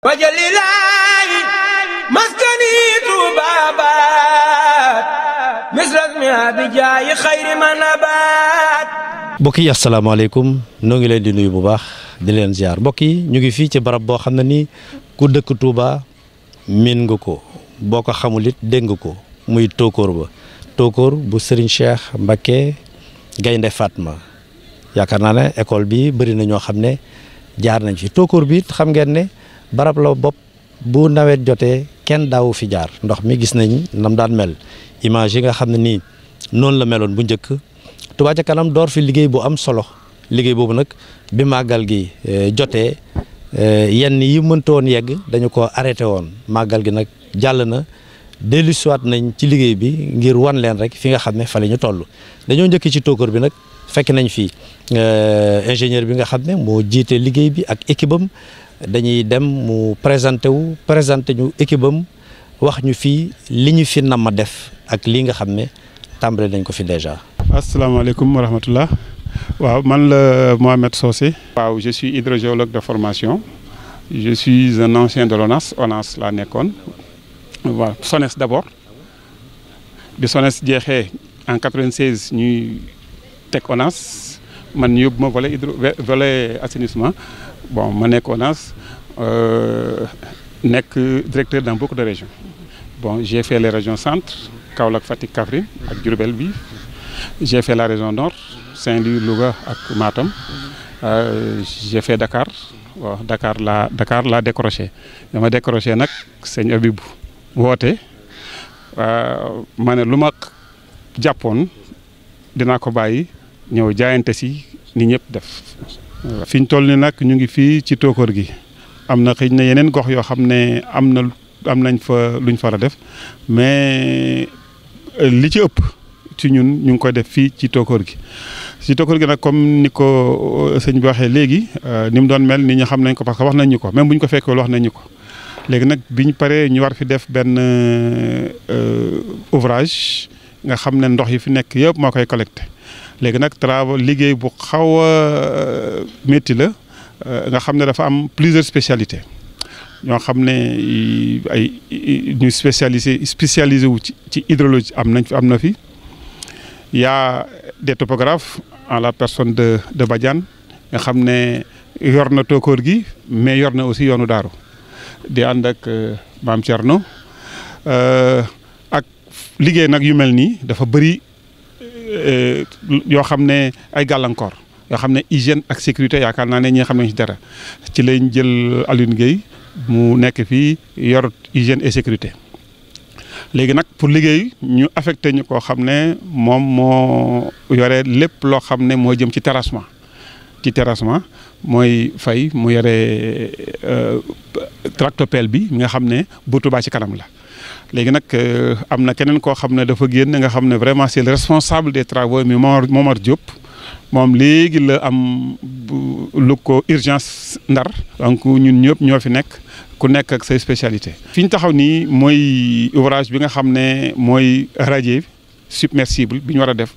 wajalilaayi maskani tuubaabaat misras mi abijaayi xayri manabaat mbokk yi asalaamaaleykum noo ngi leen di nuyu bu baax di leen ziar mbokk yi ñu ngi fii ci barab boo xam ne ni ku dëkk tuuba miin nga ko boo ko xamul it dégg ko muy tóokóor ba tóokóor bu sëriñ Cheikh mbakke Gaynde Fatma yaakaar naa ne école bi bari na ñoo xam ne jaar nañ fi tóokóor bi xam ngeen ne barab la bopp bu nawet jotee kenn daawu fi jaar ndox mi gis nañ nam daan mel image yi nga xam ne nii noonu la meloon bu njëkk Touba ca kanam door fi liggéey bu am solo liggéey boobu nag bi màggal gi eh, jotee eh, yenn yi mënta woon yegg dañu ko arrêté woon màggal gi nag jàll na dellusiwaat nañ ci liggéey bi ngir wan leen rek fi nga xam ne fa la ñu toll dañoo njëkk ci tóokër bi nag fekk nañ fi eh, ingénieur bi nga xam ne moo jiite liggéey bi ak équipe dañuy dem mu présenté wu présenté ñu équipe wax ñu fii li ñu fi nam def ak lii nga xam ne tàmbale nañ ko fi déjà. asalaamaaleykum wa rahmatullah waaw man la Mohamed Socé. waaw je suis hydrogéologue de formation je de l'ONAS ONAS laa nekkoon waaw SONES d'abord bi SONES jeexee en 96 ñuy teg ONAS man yóbbu ma volet hydro volet assainissement. bon ma nekk ONAS euh, nekk directeur dans beaucoup de régions bon j'ai fait les centre Kaolack Fatick Kaffrine ak Diourbel bi j'ai la région nord Saint-Louis Louga ak maatam euh, j'ai fait Dakar waaw Dakar laa Dakar laa décroché dama décroché nag sëñ Abibou woote ma ne lu ma jàppoon dinaa ko bàyyi ñëw jaayante si ni ñëpp def fi ñu toll ni nag ñu ngi fii ci Tokor gi am na xëy na yeneen gox yoo xam ne am na am nañ fa luñ fara def mais li ci ëpp ci ñun ñu ngi koy def fii ci Tokor gi ci Tokor gi nag comme ni ko sëñ bi waxee léegi ni mu doon mel ni ñu xam nañ ko parce que wax nañ ñu ko mais bu ñu ko fekkee wax nañ ñu ko léegi nag bi ñu paree ñu war fi def benn euh, ouvrage nga xam ne ndox yi fi nekk yëpp moo koy collecté léegi nag travaux liggéey bu xaw a euh, métti la euh, nga xam ne dafa am plusieurs spécialités ñoo xam ne ay ñu spécialisé spécialisé wu ci ci hydrologie am nañ fi am na fi y a des en la personne de de Badiane nga xam ne yor na tookoor gi mais yor na aussi yoonu daaru di ànd ak euh, maam Thierno ak liggéey nag yu mel nii dafa bëri. Euh, yoo xam ne ay gàllankoor yoo xam ne hygiène ak sécurité yaakaar naa ne ñi nga xam ne ci dara ci lañ jël Alioune Guèye mu nekk fii yor hygiène et sécurité léegi nag pour liggéey ñu affecté ñu koo xam ne moom moo yore lépp loo xam ne moo jëm ci terrassement ci terrassement mooy fay mu yore euh, tractopelle bi mi nga xam ne bu ci kanam la léegi nag euh, am na keneen koo xam ne dafa génn nga xam ne vraiment c'est le responsable des travaux mi moom Momar Diop moom léegi la am lu ko urgence ndar donc ñun ñëpp ñoo fi nekk ku nekk ak say spécialité fi ñu taxaw nii mooy ouvrage bi nga xam ne mooy radier submersible bi ñu war a def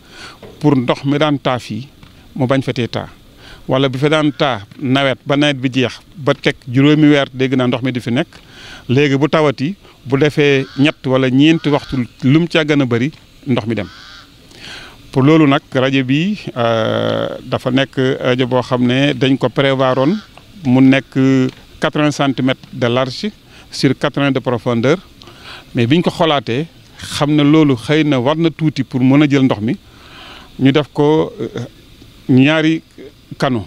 pour ndox mi daan taa fii mu bañ fa tee taa wala bu fi daan taa nawet ba nawet bi jeex ba tek juróomi weer dégg naa ndox mi di fi nekk léegi bu tawati bu defee ñett wala ñeenti waxtu lu mu caa gën a bëri ndox mi dem. pour loolu nag rajo bi euh, dafa nekk rajo boo xam ne dañ ko on mu nekk quatre-vingts centimètres de large sur quatre-vingts de profondeur mais biñ ko xolaatee xam ne loolu xëy na war na tuuti pour mën a jël ndox mi ñu def ko euh, ñaari. kanu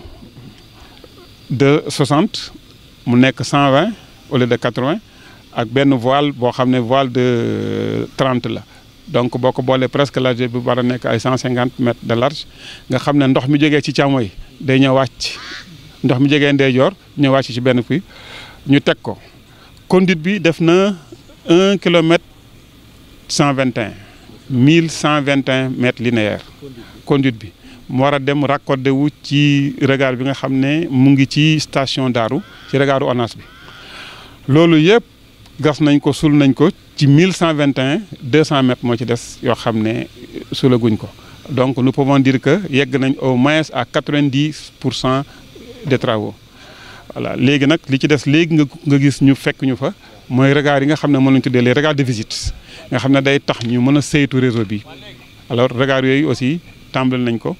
de 60 mu nekk 120 au lieu de 80 ak benn voile boo xam ne voile de euh, trente la donc boo ko boolee presque largeur bi war a nekk ay cent 150 mètres de large nga xam ne ndox mi jógee ci càmmooy day ñëw wàcc ndox mi jógee ndeyjoor ñëw wàcc ci benn fii ñu teg ko conduite bi def na 1 kilomètre 121 1121 mètres linéaires conduite bi. mu war a dem raccordé wu ci regard bi nga xam ne mu ngi ci station Daaru ci regardu ONAS bi loolu yëpp gas nañ ko sul nañ ko ci mille cent vingt et deux cent moo ci des yoo xam ne sulaguñ ko donc nous pouvons dire que yegg nañ au moins à quatre-vingt-dix pour cent de travaux voilà léegi nag li ci des léegi nga nga gis ñu fekk ñu fa mooy regard yi nga xam ne moom lañ tuddee les regards de visite nga xam ne day tax ñu mën a saytu réseau bi alors regard yooyu aussi tàmbali nañ ko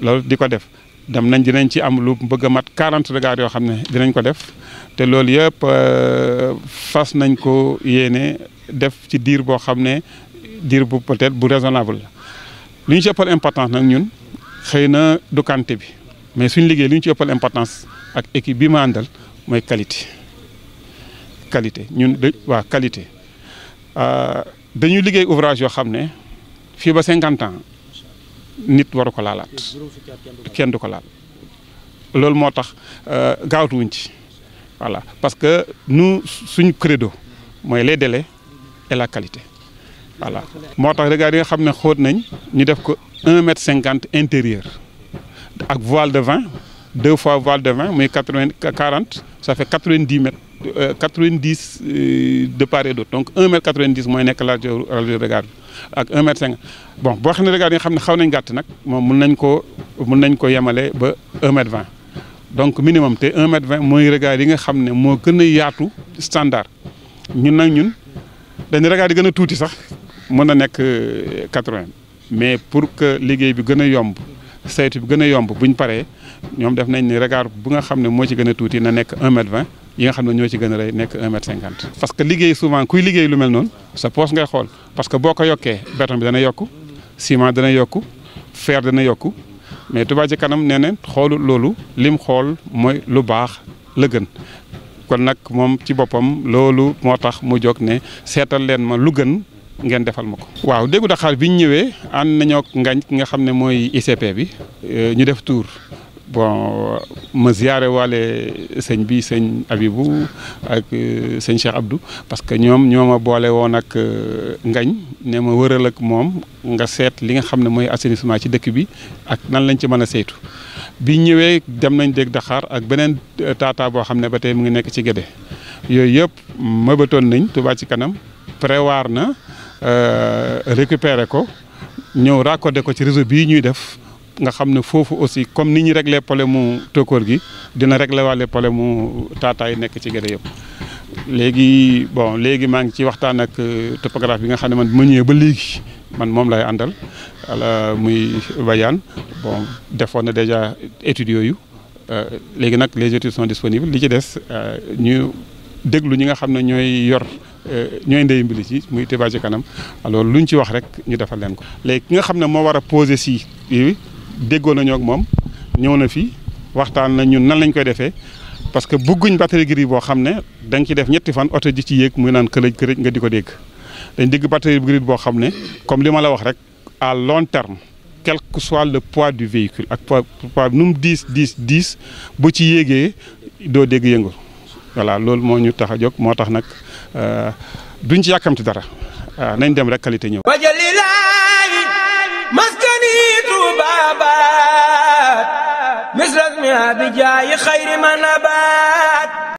loolu di ko def dem nañ dinañ ci am lu bëgg a mat quarante regards yoo xam ne dinañ ko def te loolu yëpp euh, fas nañ ko yéene def ci diir boo xam ne diir bu peut-être bu raisonnable la li ñu ci ëppal importance nag ñun xëy na du quantité bi mais suñ liggéey li ñu ci ëppal importance ak équipe bi ma àndal mooy qualité qualité ñun waa qualité euh, dañu liggéey ouvrage yoo xam ne fii ba 50 ans. nit waru ko laalaat kenn du ko laal loolu moo tax euh, gaawatu wuñ ci voilà parce que nu suñu credo mooy les délais et la qualité voilà moo tax regard yi nga xam ne xóot nañ ñu def ko un mètre cinquante intérieur ak voile de vingt deux fois voile de vingt muy quatre vingt quarante ça fait quatre vingt dix mètres 90 euh, euh, de part et d'autre donc 1 mètre 90 mooy nekk largeur largeur de regard ak 1 mètre 50 bon boo xam ne regard yi nga xam ne xaw nañ gàtt nag moom mun nañ koo mun nañ ko yemale ba 1 mètre donc minimum te 1 mètre 20 mooy regard yi nga xam ne moo gën a yaatu standard ñun nag ñun dañ regard yi gën a tuuti sax mën a nekk 80 euh, mais pour que liggéey bi gën a yomb saytu bi gën a yomb buñ paree ñoom def nañ ni regard bu nga xam ne moo ci gën a tuuti na nekk 1 mètre yi nga xam ne ñoo ci gën a rëy nekk 1 mètre 50. parce que liggéey souvent kuy liggéey lu mel noonu sa poche ngay xool parce que boo ko yokkee béton bi dana yokku ciment dana yokku fer dana yokk mais Touba ci kanam nee na xoolu loolu lim xool mooy lu baax la gën. kon nag moom ci boppam loolu moo tax mu jóg ne seetal leen ma lu gën ngeen defal ma ko. waaw déggu Dakar bi ñu ñëwee ànd nañoo ngañ ki nga xam ne mooy ICP bi euh, ñu def tour bon ma ziare waale sëñ bi sëñ Abibou ak euh, sëñ Cheikh Abdou parce que ñoom ñoo ma boole woon ak euh, ngañ ne ma wëral ak moom nga seet li nga xam ne mooy assainissement ci dëkk bi ak nan lañ ci mën a seytu bi ñëwee dem nañ dégg daqaar ak beneen euh, taataa boo xam ne ba tey mu ngi nekk ci Gédé yooyu yëpp mëbatoon nañ Touba ci kanam prévoir na récupérer ko ñëw raccordé ko ci réseau bii ñuy def nga xam ne foofu aussi comme ni ñu réglé problème mu tokkoor gi dina réglé waale problème mu taataa yi nekk ci géde yëpp léegi bon léegi maa ngi ci waxtaan ak euh, topographe bi nga xam ne man ma ñëwee ba léegi man moom lay àndal muy bayaan bon defoon na déjà études yooyu euh, léegi nag les études sont disponibles li ci des euh, ñu déglu ñi nga xam ne ñooy yor ñooy ndey mbili ci muy Touba Ca Kanam alors ñu ci wax rek ñu defal leen ko léegi ki nga xam ne moo war a posé si déggoo nañoo ak moom ñëw na fi waxtaan na ñun nan lañ koy defee parce que bëgguñ batterie grise boo xam ne da nga ci def ñetti fan oto di ci yéeg muy naan kërëj kërëj nga di ko dégg dañ dégg batterie grise boo xam ne comme li ma la wax rek à long terme quel que soit le poids du véhicule ak poids poids nu mu diis diis diis bu ci yéegee doo dégg yëngu voilà loolu moo ñu tax a jóg moo tax nag euh, duñ ci yàkkamti dara euh, nañ dem rek qualité ñëw. نبات مثل اسمها بجاي خير ما نبات